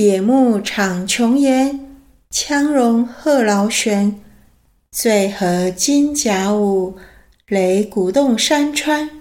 野幕敞瓊筵，羌戎賀勞旋。醉和金甲舞，雷鼓動山川。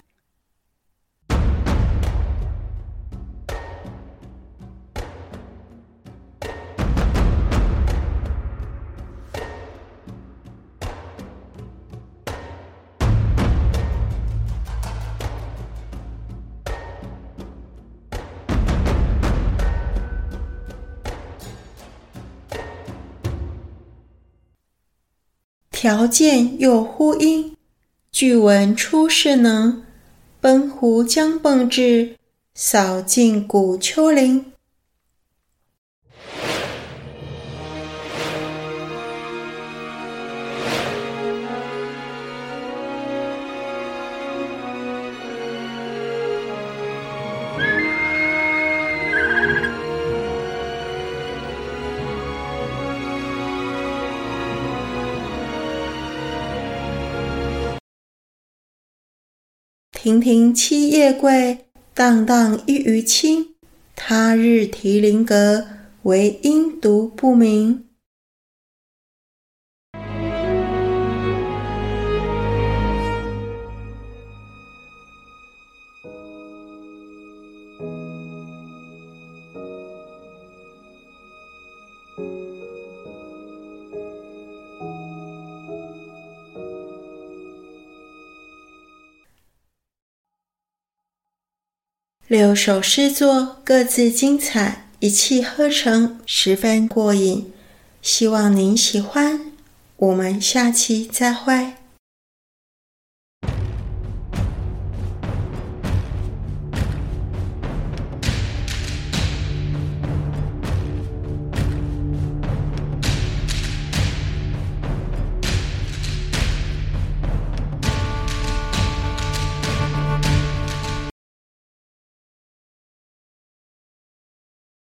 調箭又呼鷹，俱聞出世能，奔狐將迸雉，掃盡古丘陵。亭亭七葉貴，蕩蕩一隅清。他日題麟閣，唯應獨不名。六首詩作各自精彩，一氣呵成，十分過癮。希望您喜歡，我們下期再會。